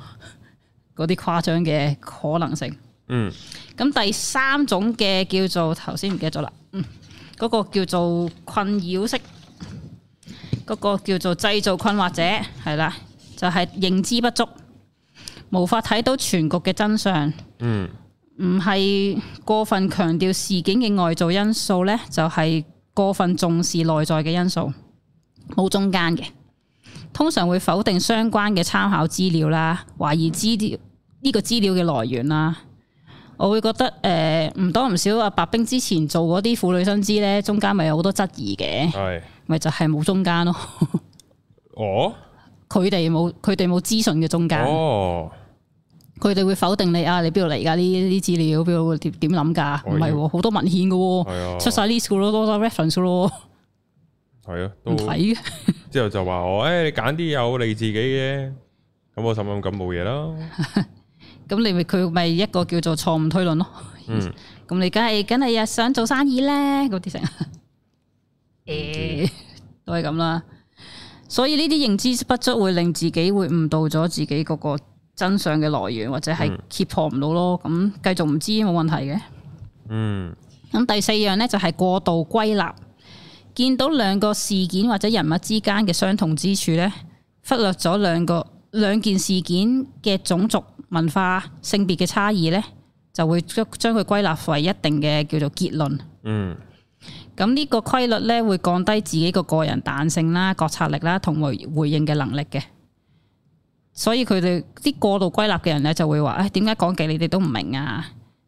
嗰啲誇張嘅可能性。嗯，咁第三種嘅叫做頭先唔記得咗啦。嗯。嗰個叫做困擾式，嗰個叫做製造困惑者，係啦，就係認知不足，無法睇到全局嘅真相。嗯，唔係過分強調事件嘅外在因素咧，就係過分重視內在嘅因素，冇中間嘅，通常會否定相關嘅參考資料啦，懷疑資料呢個資料嘅來源啦。我會覺得誒，唔多唔少啊，白兵之前做嗰啲婦女生知咧，中間咪有好多質疑嘅，咪的就係冇中間咯。哦，佢哋冇，佢哋冇資訊嘅中間。哦，佢哋會否定你啊？你邊度嚟噶？呢啲資料邊度點諗噶？唔係，好、哦、多文獻噶，的出晒 list 咯，多晒 reference 咯。係啊，都唔睇嘅。之後就話我誒、欸，你揀啲有你自己嘅，咁我心諗咁冇嘢咯。 咁你咪佢咪一個叫做錯誤推論咯。咁、嗯、你梗係梗係又想做生意咧？嗰啲成誒、 欸、 都係咁啦。所以呢啲認知不足會令自己會誤導咗自己嗰個真相嘅來源，或者係揭破唔到咯。咁繼續唔知冇問題嘅。嗯。咁第四樣咧就係、是、過度歸納，見到兩個事件或者人物之間嘅相同之處咧，忽略咗兩個兩件事件嘅種族。文化性別嘅差異呢，就會將將佢歸納為一定嘅叫做結論。嗯，咁呢個規律呢，會降低自己個個人彈性啦、覺察力啦同回回應嘅能力嘅。所以佢哋啲過度歸納嘅人呢，就會話、哎啊，唉，點解講極你哋都唔明啊？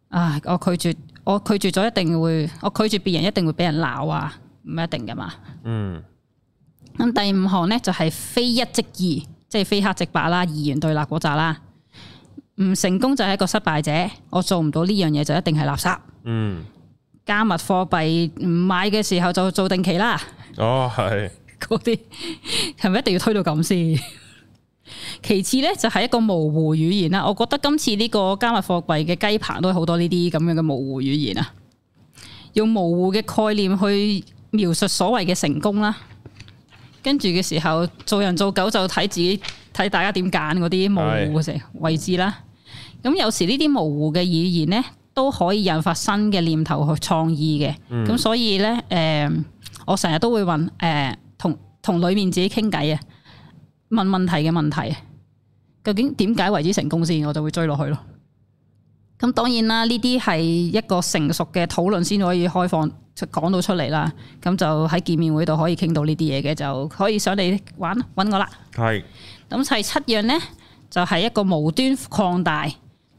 啊，我拒絕，我拒絕咗一定會，我拒絕別人一定會俾人鬧啊？唔一定噶嘛。嗯。咁第五行呢，就係、是、非一即二，即係非黑即白啦，二元對立嗰扎啦。唔成功就係一個失敗者，我做唔到呢樣嘢就一定係垃圾。嗯，加密貨幣唔買嘅時候就做定期啦。哦，係嗰啲係咪一定要推到咁先？ 其次呢，就係一個模糊語言啦。我覺得今次呢個加密貨幣嘅雞棚都好多呢啲咁樣嘅模糊語言啊，用模糊嘅概念去描述所謂嘅成功啦。跟住，嘅時候做人做狗就睇自己睇大家點揀嗰啲模糊嘅位置啦。咁有時呢啲模糊嘅語言咧，都可以引發新嘅念頭去創意嘅。咁、嗯、所以咧，誒、呃，我成日都會問，誒、呃，同同裏面自己傾偈啊，問問題嘅問題，究竟點解為之成功先？我就會追落去咯。咁當然啦，呢啲係一個成熟嘅討論先可以開放，講到出嚟啦。咁就喺見面會度可以傾到呢啲嘢嘅，就可以上嚟玩揾我啦。係是。咁第七樣咧，就係、是、一個無端擴大。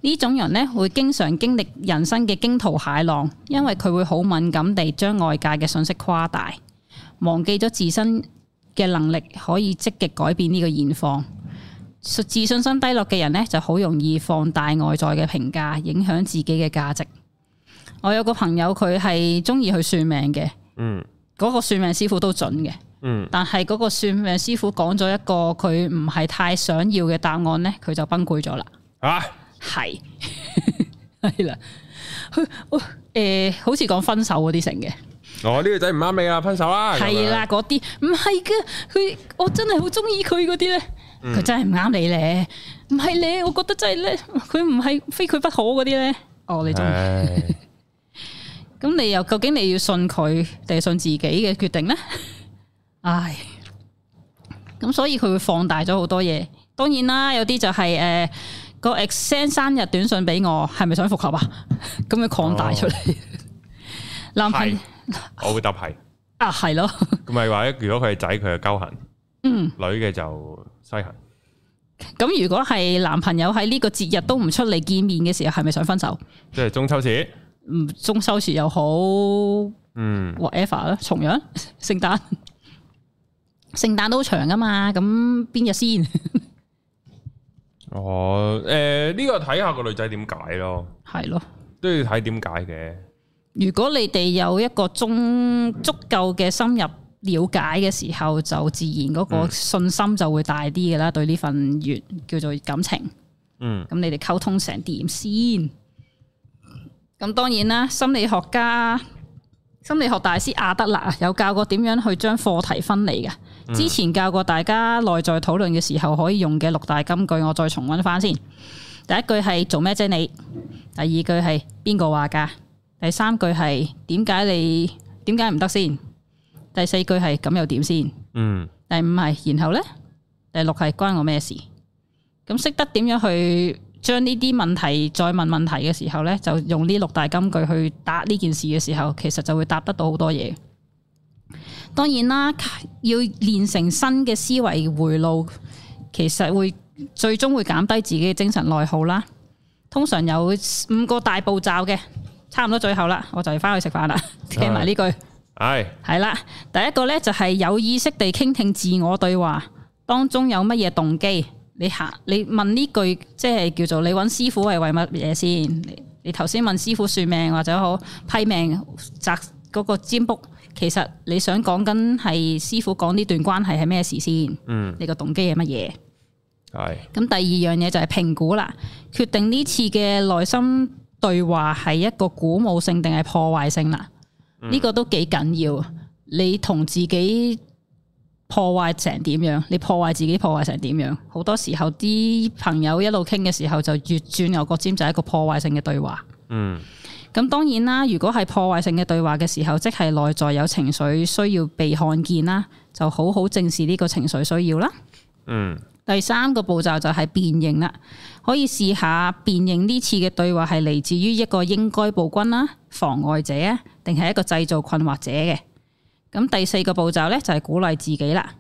呢種人咧會經常經歷人生嘅驚濤駭浪，因為佢會好敏感地將外界嘅信息誇大，忘記咗自身嘅能力可以積極改變呢個現況。自信心低落嘅人咧就好容易放大外在嘅評價，影響自己嘅價值。我有個朋友佢係中意去算命嘅，嗯，嗰個算命師傅都準嘅，嗯，但係嗰個算命師傅講咗一個佢唔係太想要嘅答案咧，佢就崩潰咗啦，啊！係係啦，佢誒是，好似講分手嗰啲成嘅。哦，呢、欸哦這個仔唔啱你啊，分手啦！係啦，嗰啲唔係嘅，佢我真係好中意佢嗰啲咧，佢、嗯、真係唔啱你咧，唔係你，我覺得真係咧，佢唔係非佢不可嗰啲咧。哦，你中意？咁的 你又究竟你要信佢定係信自己嘅決定咧？唉，咁所以佢會放大咗好多嘢。當然啦，有啲就係、是、誒。呃個 Excel 生日短信俾我，係咪想復合啊？咁你擴大出嚟，哦、男朋我會答係 、啊，啊是係咯，咁咪話如果佢係仔佢就交行，嗯，女嘅就西行。咁如果係男朋友喺呢個節日都唔出嚟見面嘅時候，係咪想分手？即係中秋節，嗯，中秋節又好，嗯，whatever 啦，重陽、聖誕、聖誕都長噶嘛，咁邊日先？ 哦，誒、呃，呢、這個睇下個女仔點解咯，係咯，都要睇點解嘅。如果你哋有一個中足夠嘅深入了解嘅時候，就自然嗰個信心就會大啲嘅啦，嗯、對呢份月叫做感情。嗯，咁你哋溝通成點先？咁當然啦，心理學家。.心理學大師阿德勒啊，有教過點樣去將課題分離嘅。之前教過大家內在討論嘅時候可以用嘅六大金句，我再重溫翻先。第一句係做咩啫你？第二句係邊個話噶？第三句係點解你點解唔得先？第四句係咁又點先？嗯。第五係然後呢？第六係關我咩事？咁識得點樣去？將呢啲問題再問問題嘅時候呢，就用呢六大金句去答呢件事嘅時候，其實就會答得到好多嘢。當然啦，要練成新嘅思維回路，其實會最終會減低自己嘅精神內耗啦。通常有五個大步驟嘅，差唔多最後啦，我就要翻去食飯啦。Aye. 聽埋呢句，係，係 Aye. 啦。第一個呢，就係有意識地傾聽自我對話，當中有乜嘢動機？你行，你問呢句即係叫做你揾師傅係為乜嘢先？你你頭先問師傅算命或者好批命摘嗰個占卜，其實你想講緊係師傅講呢段關係係咩事先？嗯，你個動機係乜嘢？係、哎。咁第二樣嘢就係評估啦，決定呢次嘅內心對話係一個鼓舞性定係破壞性啦。呢、嗯、個都幾緊要，你同自己。破壞成點樣？你破壞自己破壞成點樣？好多時候啲朋友一路傾嘅時候，就越轉牛角尖，就係一個破壞性嘅對話。嗯。咁當然啦，如果係破壞性嘅對話嘅時候，即係內在有情緒需要被看見啦，就好好正視呢個情緒需要啦。嗯。第三個步驟就係辨認啦，可以試下辨認呢次嘅對話係嚟自於一個應該暴君啦、妨礙者啊，定係一個製造困惑者嘅。咁第四個步驟咧，就係鼓勵自己啦。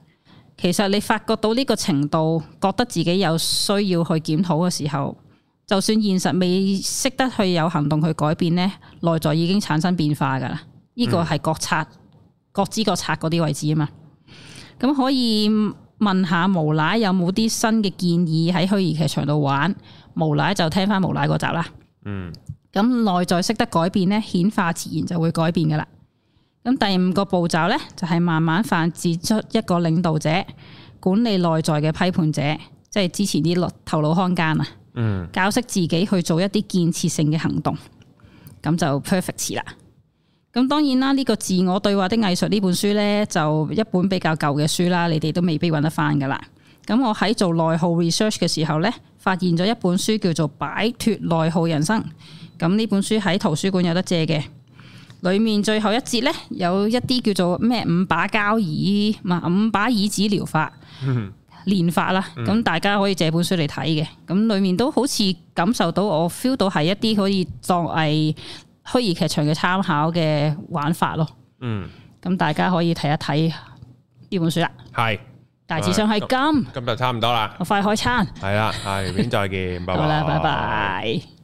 其實你發覺到呢個程度，覺得自己有需要去檢討嘅時候，就算現實未識得去有行動去改變呢，內在已經產生變化噶啦。呢個係覺察、嗯、覺知、覺察嗰啲位置啊嘛。咁可以問下無賴有冇啲新嘅建議喺虛擬劇場度玩？無賴就聽翻無賴嗰集啦。嗯。咁內在識得改變呢，顯化自然就會改變噶啦。咁第五個步驟咧，就係、是、慢慢繁殖出一個領導者，管理內在嘅批判者，即係支持啲老頭腦空間啊！嗯，教識自己去做一啲建設性嘅行動，咁就 perfect 啦。咁當然啦，呢、這個自我對話的藝術呢本書咧，就一本比較舊嘅書啦，你哋都未必揾得翻噶啦。咁我喺做內耗 research 嘅時候咧，發現咗一本書叫做《擺脱內耗人生》，咁呢本書喺圖書館有得借嘅。裏面最後一節呢，有一啲叫做咩五把交椅，嘛五把椅子療法練、嗯、法啦，咁、嗯、大家可以借本書嚟睇嘅，咁裡面都好似感受到我 feel 到係一啲可以作為虛擬劇場嘅參考嘅玩法咯。嗯，咁大家可以睇一睇呢本書啦。係是，大致上係咁，咁就差唔多啦，我快開餐。係啊，係，再見， 拜拜。拜拜。